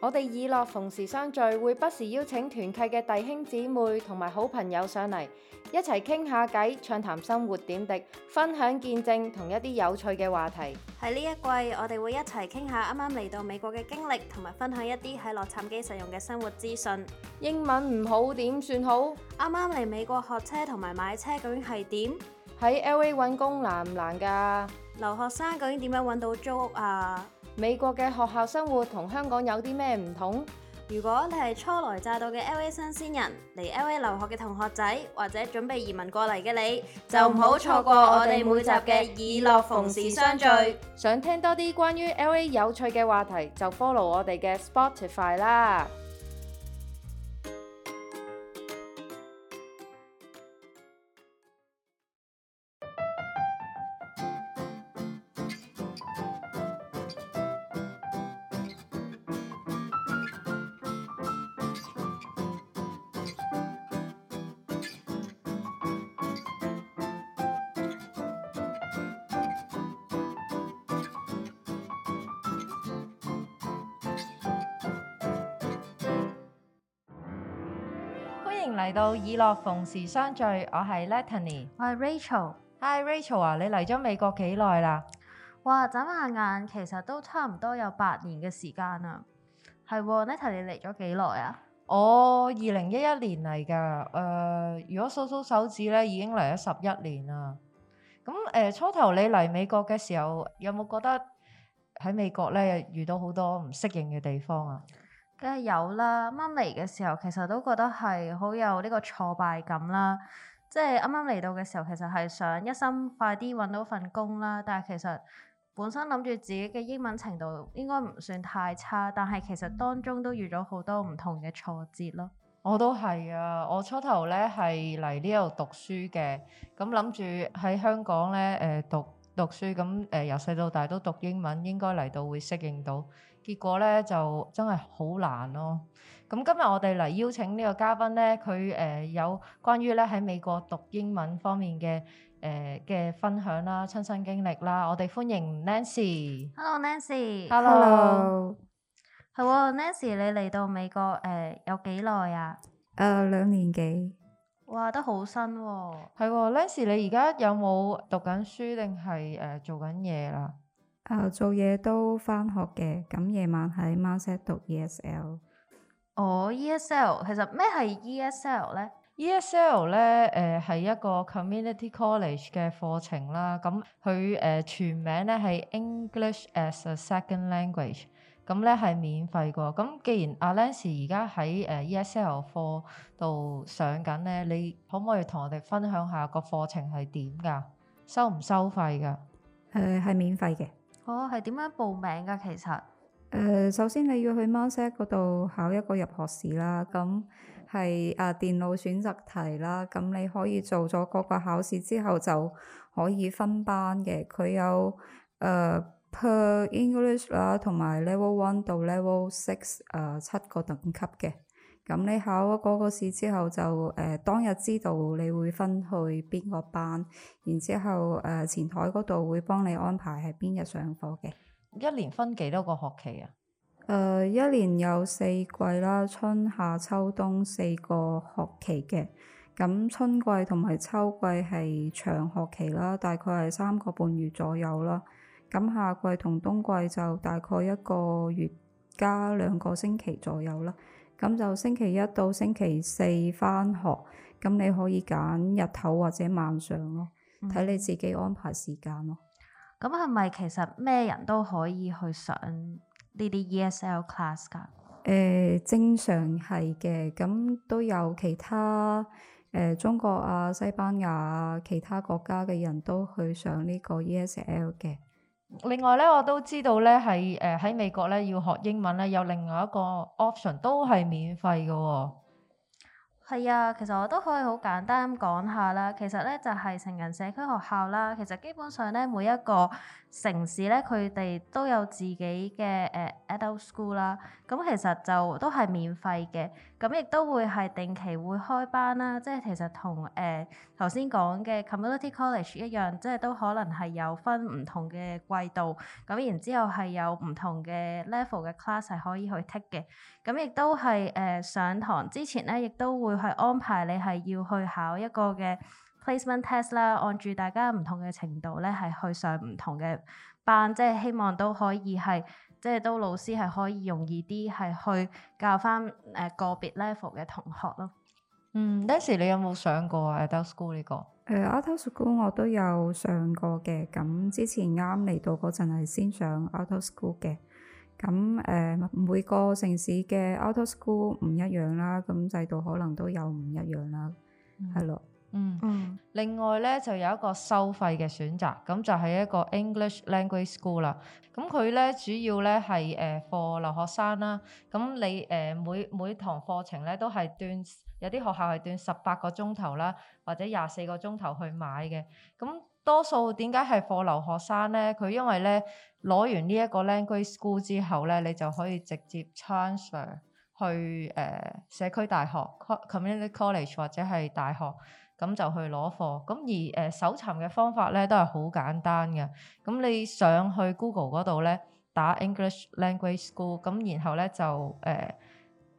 我哋以樂逢時相聚，會不時邀請團契嘅弟兄姊妹同埋好朋友上嚟，一齊傾下偈，暢談生活點滴，分享見證同一啲有趣嘅話題。喺呢一季，我哋會一齊傾下啱啱嚟到美國嘅經歷，同埋分享一啲喺洛杉磯實用嘅生活資訊。英文唔好點算好？啱啱嚟美國學車同埋買車究竟係點？喺 LA 揾工難唔難噶？留學生究竟點樣揾到租屋啊？美國嘅學校生活同香港有啲咩唔同？如果你係初來乍到嘅 LA 新鮮人，嚟 LA 留學嘅同學仔，或者準備移民過嚟嘅你，就唔好錯過我哋每集嘅以樂逢時相聚。想聽多啲關於 LA 有趣嘅話題，就 follow 我哋嘅 Spotify 啦。歡迎嚟到以樂逢時相聚，我係 Natalie，我係 Rachel。Hi Rachel 啊，你嚟咗美國幾耐啦？哇，眨下眼，眼其實都差唔多有八年嘅時間啦。係，Natalie 嚟咗幾耐啊？我二零一一年嚟噶，誒、呃，如果數數手指咧，已經嚟咗十一年啦。咁誒、呃，初頭你嚟美國嘅時候，有冇覺得喺美國咧遇到好多唔適應嘅地方啊？梗係有啦，啱嚟嘅時候其實都覺得係好有呢個挫敗感啦。即係啱啱嚟到嘅時候，其實係想一心快啲揾到份工啦。但係其實本身諗住自己嘅英文程度應該唔算太差，但係其實當中都遇咗好多唔同嘅挫折咯。我都係啊，我初頭呢係嚟呢度讀書嘅，咁諗住喺香港呢誒讀讀書，咁誒由細到大都讀英文，應該嚟到會適應到。結果咧就真係好難咯、哦。咁今日我哋嚟邀請呢個嘉賓咧，佢誒有關於咧喺美國讀英文方面嘅誒嘅分享啦、親身經歷啦。我哋歡迎 Nancy。Hello, Nancy。Hello，Nancy ー。Hello。係喎，Nancy，你嚟到美國誒有幾耐啊？誒兩年幾。哇 trong interdisciplinary，都好新喎、啊。係喎，Nancy，你而家有冇讀緊書定係誒做緊嘢啦？呃、做嘢都返學嘅，咁夜晚喺 Master、oh, 讀 ESL。哦 ESL 其實咩係 ESL 呢 ESL 呢誒係、呃、一個 Community College 嘅課程啦。咁佢誒全名呢係 English as a Second Language、嗯。咁呢係免費噶。咁、嗯、既然阿 Nancy 而家喺 ESL 課度上緊呢，你可唔可以同我哋分享下個課程係點噶？收唔收費噶？誒係、呃、免費嘅。哦，係點樣報名㗎？其實誒、呃，首先你要去 Monset 嗰度考一個入學試啦。咁係誒電腦選擇題啦。咁你可以做咗嗰個考試之後就可以分班嘅。佢有誒、呃、Per English 啦，同埋 Level One 到 Level Six 誒、呃、七個等級嘅。咁你考咗嗰個試之後就，就、呃、誒當日知道你會分去邊個班，然之後誒、呃、前台嗰度會幫你安排係邊日上課嘅。一年分幾多個學期啊？誒、呃，一年有四季啦，春夏秋冬四個學期嘅。咁春季同埋秋季係長學期啦，大概係三個半月左右啦。咁夏季同冬季就大概一個月加兩個星期左右啦。咁就星期一到星期四返學，咁你可以揀日頭或者晚上咯，睇你自己安排時間咯。咁係咪其實咩人都可以去上呢啲 ESL class 㗎？誒、呃，正常係嘅，咁都有其他誒、呃、中國啊、西班牙啊、其他國家嘅人都去上呢個 ESL 嘅。另外咧，我都知道咧，係誒喺美國咧要學英文咧，有另外一個 option 都係免費嘅喎。係啊，其實我都可以好簡單咁講下啦。其實咧就係成人社區學校啦。其實基本上咧每一個城市咧，佢哋都有自己嘅誒 Adult School 啦。咁其實就都係免費嘅。咁亦都會係定期會開班啦，即係其實同誒頭、呃、先講嘅 community college 一樣，即係都可能係有分唔同嘅季度，咁然之後係有唔同嘅 level 嘅 class 係可以去 take 嘅，咁亦都係誒、呃、上堂之前咧，亦都會係安排你係要去考一個嘅 placement test 啦，按住大家唔同嘅程度咧，係去上唔同嘅班，即係希望都可以係，即係都老師係可以容易啲，係去教翻誒個別 level 嘅同學咯。嗯，Nancy 你有冇上過 Adult School 呢個？誒 Adult School 我都有上過嘅。咁、這個呃、之前啱嚟到嗰陣係先上 Adult School 嘅。咁誒、呃，每個城市嘅 Adult School 唔一樣啦。咁制度可能都有唔一樣啦。係咯、嗯。嗯，另外咧就有一個收費嘅選擇，咁就係一個 English language school 啦。咁佢咧主要咧係誒 for 留學生啦。咁你誒、呃、每每堂課程咧都係段有啲學校係段十八個鐘頭啦，或者廿四個鐘頭去買嘅。咁多數點解係 for 留學生咧？佢因為咧攞完呢一個 language school 之後咧，你就可以直接 transfer 去誒、呃、社區大學 （community college） 或者係大學。咁就去攞貨，咁而誒、呃、搜尋嘅方法咧都係好簡單嘅。咁你上去 Google 嗰度咧，打 English language school，咁然後咧就誒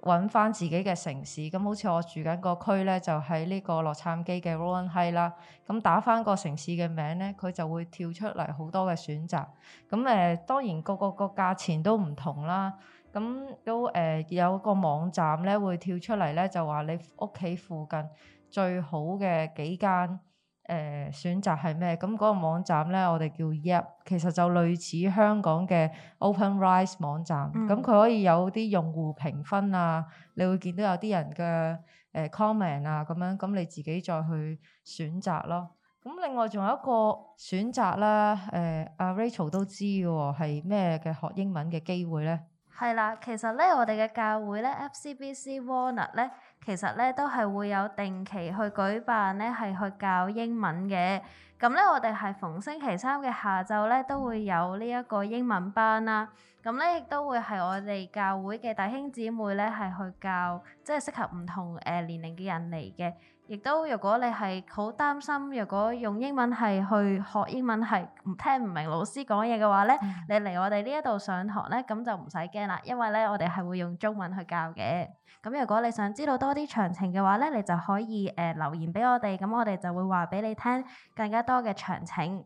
揾翻自己嘅城市。咁好似我住緊個區咧，就喺、是、呢個洛杉磯嘅 Rolling Hills 啦。咁打翻個城市嘅名咧，佢就會跳出嚟好多嘅選擇。咁誒、呃、當然個個個價錢都唔同啦。咁都誒、呃、有個網站咧會跳出嚟咧，就話你屋企附近。最好嘅幾間誒、呃、選擇係咩？咁嗰個網站咧，我哋叫 Yep，其實就類似香港嘅 OpenRice 網站。咁佢、嗯、可以有啲用戶評分啊，你會見到有啲人嘅誒、呃、comment 啊，咁樣咁你自己再去選擇咯。咁另外仲有一個選擇啦，誒、呃、阿、啊、Rachel 都知喎、哦，係咩嘅學英文嘅機會咧？係啦，其實咧，我哋嘅教會咧，FCBC Walnut 咧，其實咧都係會有定期去舉辦咧，係去教英文嘅。咁咧，我哋係逢星期三嘅下晝咧，都會有呢一個英文班啦。咁咧，亦都會係我哋教會嘅弟兄姊妹咧，係去教，即係適合唔同誒年齡嘅人嚟嘅。亦都，如果你係好擔心，如果用英文係去學英文係聽唔明老師講嘢嘅話咧，你嚟我哋呢一度上堂咧，咁就唔使驚啦，因為咧我哋係會用中文去教嘅。咁如果你想知道多啲詳情嘅話咧，你就可以誒、呃、留言俾我哋，咁我哋就會話俾你聽更加多嘅詳情。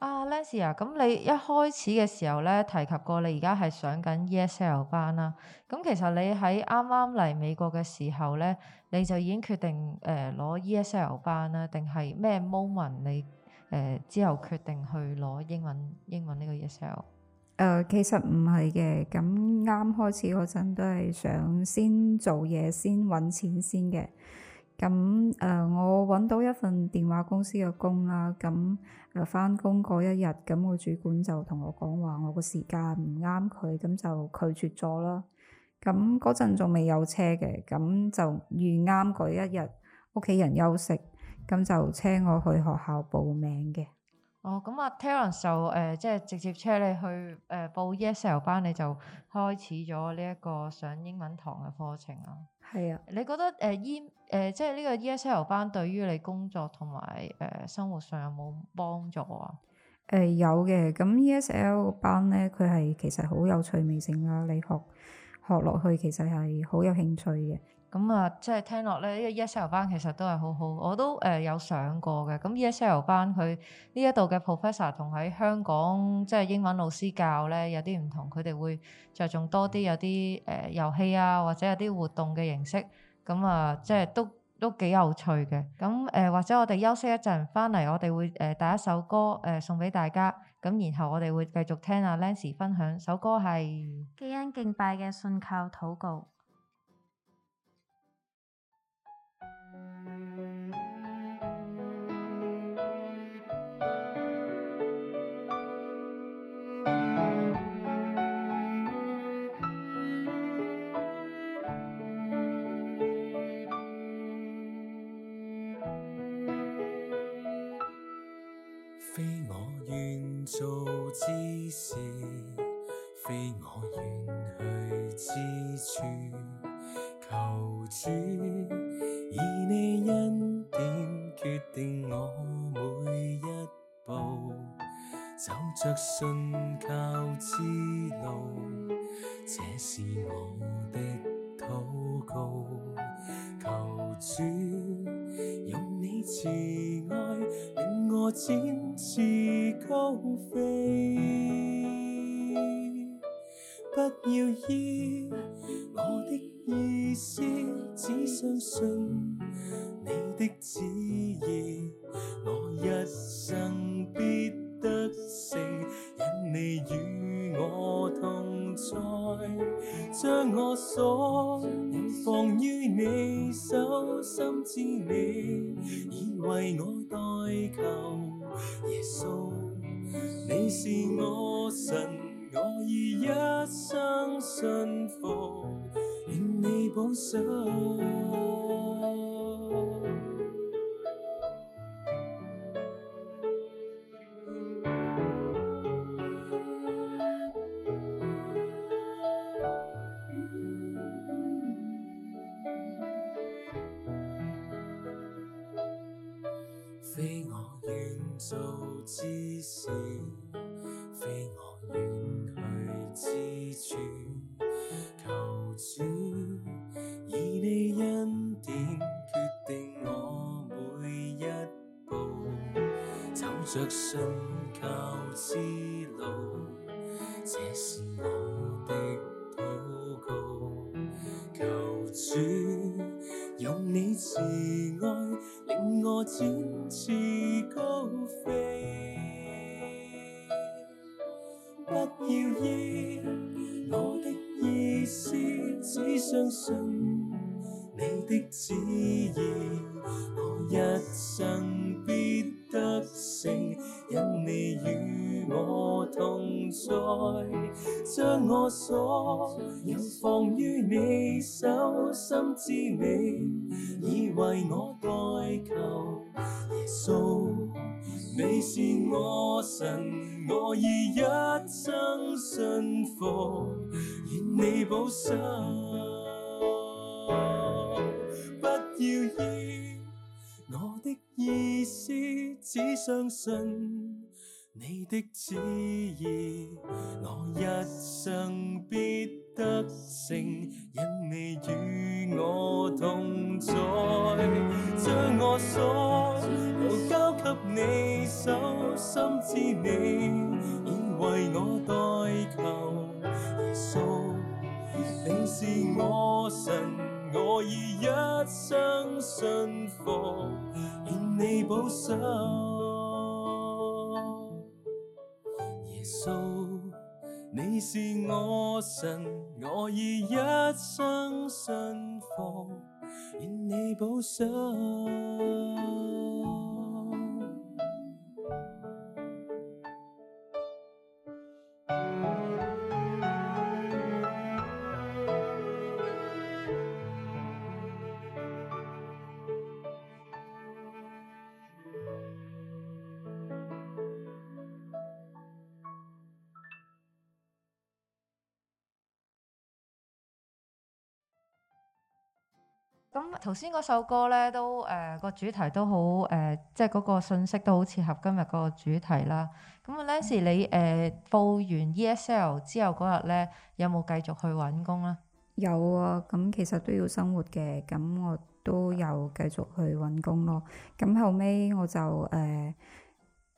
啊、ah，Nancy，咁你一開始嘅時候咧，提及過你而家係上緊 ESL 班啦。咁其實你喺啱啱嚟美國嘅時候咧，你就已經決定誒攞、呃、ESL 班啦，定係咩 moment 你誒、呃、之後決定去攞英文英文呢個 ESL？誒、呃，其實唔係嘅，咁啱開始嗰陣都係想先做嘢，先揾錢先嘅。咁誒、呃，我揾到一份電話公司嘅工啦。咁、啊、誒，翻工嗰一日，咁個主管就同我講話，我個時間唔啱佢，咁就拒絕咗啦。咁嗰陣仲未有車嘅，咁就預啱嗰一日屋企人休息，咁就車我去學校報名嘅。哦，咁啊，Talon 就誒，即係直接車你去誒報 ESL 班，你就開始咗呢一個上英文堂嘅課程啊。係啊，你覺得誒，E 誒即係呢個 ESL 班對於你工作同埋誒生活上有冇幫助啊？誒、uh，有嘅，咁 ESL 班咧，佢係其實好有趣味性啦。你學學落去其實係好有興趣嘅。咁啊，即係聽落咧，呢個 ESL 班其實都係好好，我都誒有上過嘅。咁 ESL 班佢呢一度嘅 professor 同喺香港即係英文老師教咧有啲唔同，佢哋會着重多啲有啲誒遊戲啊，或者有啲活動嘅形式。咁啊，即係都都幾有趣嘅。咁誒，或者我哋休息一陣翻嚟，我哋會誒打一首歌誒送俾大家。咁然後我哋會繼續聽阿、啊、Lance 分享首歌係基恩敬拜嘅信靠禱告。非我遠去之處，求主以你恩典決定我每一步，走着信靠之路，這是我的禱告。求主用你慈愛令我展翅高飛。不要依我的意思，只相信你的旨意，我一生必得勝，因你與我同在，將我所放於你手，心知你已為我代求，耶穌，你是我神。我已一生信奉，願你保守，非我願做之事。踏着信靠之路，這是。所有放於你手心之美，以為我代求。耶穌，so，你是我神，我已一生信服，願你保守。不要依我的意思，只相信。你的旨意，我一生必得勝，因你與我同在，將我所有交給你手，心知你已為我代求。耶穌，你是我神，我已一生信服，願你保守。數，so, 你是我神，我以一生信奉，願你保守。頭先嗰首歌咧都誒、呃、個主題都好誒、呃，即係嗰個信息都好切合今日個主題啦。咁 Nancy、嗯、你誒、呃、報完 ESL 之後嗰日咧，有冇繼續去揾工咧？有啊，咁其實都要生活嘅，咁我都有繼續去揾工咯。咁後尾我就誒、呃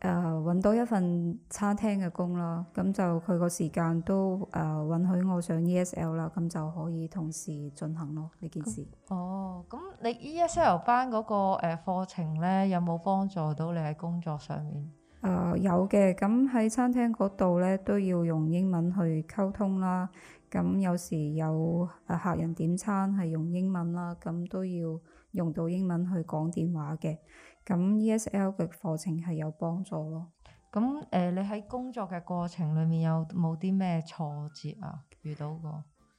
誒搵、uh, 到一份餐廳嘅工啦，咁就佢個時間都誒、uh, 允許我上 ESL 啦，咁就可以同時進行咯呢 Okay. 件事。哦，咁你 ESL 班嗰個誒課程呢，有冇幫助到你喺工作上面？誒、uh, 有嘅，咁喺餐廳嗰度呢，都要用英文去溝通啦。咁有時有客人點餐係用英文啦，咁都要用到英文去講電話嘅。咁 ESL 嘅課程係有幫助咯。咁誒、呃，你喺工作嘅過程裡面有冇啲咩挫折啊？遇到過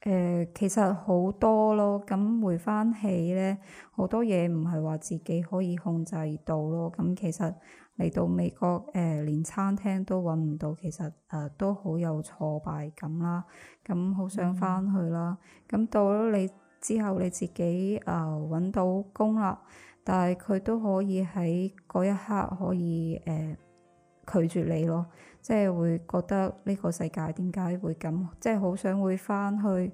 誒、呃，其實好多咯。咁回翻起呢，好多嘢唔係話自己可以控制到咯。咁其實。嚟到美國，誒、呃、連餐廳都揾唔到，其實誒、呃、都好有挫敗感啦。咁好想翻去啦。咁、嗯、到咗你之後，你自己誒揾、呃、到工啦，但係佢都可以喺嗰一刻可以誒、呃、拒絕你咯。即係會覺得呢個世界點解會咁？即係好想會翻去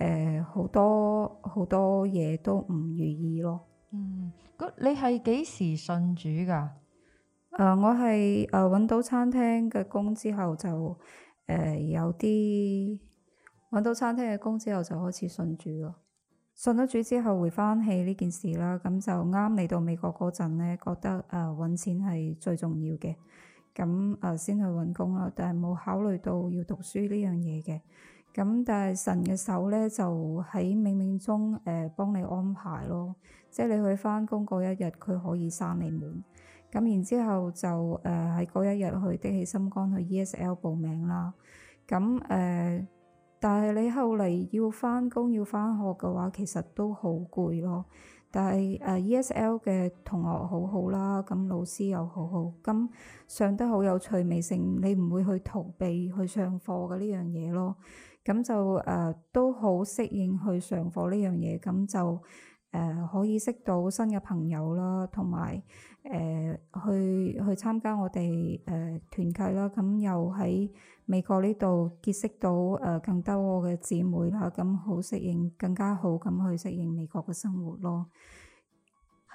誒，好、呃、多好多嘢都唔如意咯。嗯，咁你係幾時信主噶？誒、呃，我係誒揾到餐廳嘅工之後就誒、呃、有啲揾到餐廳嘅工之後就開始信主咯。信咗主之後回返起呢件事啦，咁、嗯、就啱嚟到美國嗰陣咧，覺得誒揾、呃、錢係最重要嘅，咁、嗯、誒、呃、先去揾工啦，但係冇考慮到要讀書呢樣嘢嘅。咁但係神嘅手呢，就喺冥冥中誒、呃、幫你安排咯，即係你去返工嗰一日，佢可以閂你門。咁然之後就誒喺嗰一日去啲起心肝去 ESL 報名啦。咁誒，但係、呃、你後嚟要翻工要翻學嘅話，其實都好攰咯。但係誒、呃、ESL 嘅同學好好啦，咁老師又好好，咁上得好有趣味性。你唔會去逃避去上課嘅呢樣嘢咯。咁就誒、呃、都好適應去上課呢樣嘢，咁就。誒、呃、可以識到新嘅朋友啦，同埋誒去去參加我哋誒、呃、團契啦。咁又喺美國呢度結識到誒、呃、更多嘅姊妹啦。咁好適應，更加好噉去適應美國嘅生活咯。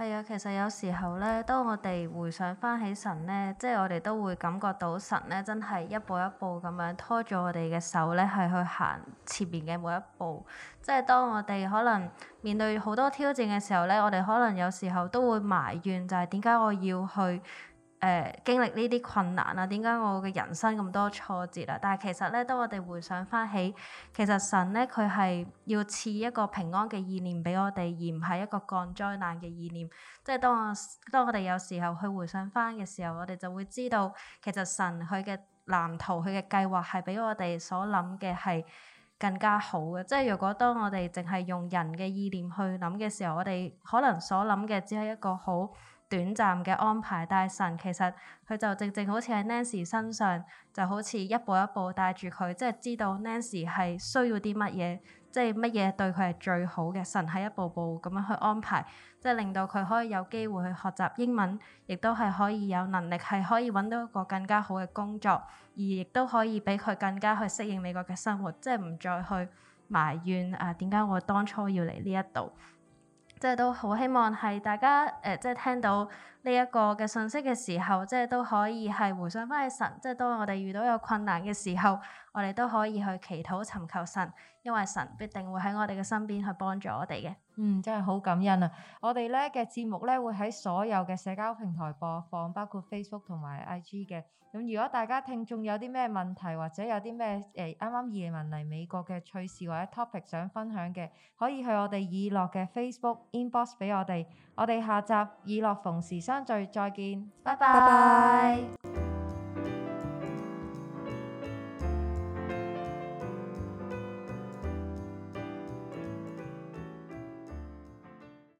係啊，其實有時候咧，當我哋回想翻起神咧，即係我哋都會感覺到神咧，真係一步一步咁樣拖住我哋嘅手咧，係去行前面嘅每一步。即係當我哋可能面對好多挑戰嘅時候咧，我哋可能有時候都會埋怨，就係點解我要去？誒、呃、經歷呢啲困難啊，點解我嘅人生咁多挫折啊？但係其實咧，當我哋回想翻起，其實神咧佢係要賜一個平安嘅意念俾我哋，而唔係一個降災難嘅意念。即係當我當我哋有時候去回想翻嘅時候，我哋就會知道，其實神佢嘅藍圖、佢嘅計劃係比我哋所諗嘅係更加好嘅。即係如果當我哋淨係用人嘅意念去諗嘅時候，我哋可能所諗嘅只係一個好短暫嘅安排，但係神其實佢就正正好似喺 Nancy 身上，就好似一步一步帶住佢，即係知道 Nancy 係需要啲乜嘢，即係乜嘢對佢係最好嘅。神係一步步咁樣去安排，即係令到佢可以有機會去學習英文，亦都係可以有能力係可以揾到一個更加好嘅工作，而亦都可以俾佢更加去適應美國嘅生活，即係唔再去埋怨啊點解我當初要嚟呢一度。即係都好希望係大家誒、呃，即係聽到呢一個嘅信息嘅時候，即係都可以係回想翻起神。即係當我哋遇到有困難嘅時候，我哋都可以去祈禱尋求神。因為神必定會喺我哋嘅身邊去幫助我哋嘅。嗯，真係好感恩啊！我哋咧嘅節目咧會喺所有嘅社交平台播放，包括 Facebook 同埋 IG 嘅。咁、嗯、如果大家聽眾有啲咩問題，或者有啲咩誒啱啱移民嚟美國嘅趣事或者 topic 想分享嘅，可以去我哋以諾嘅 Facebook inbox 俾我哋。我哋下集以諾逢時相聚，再見，拜拜 bye。Bye bye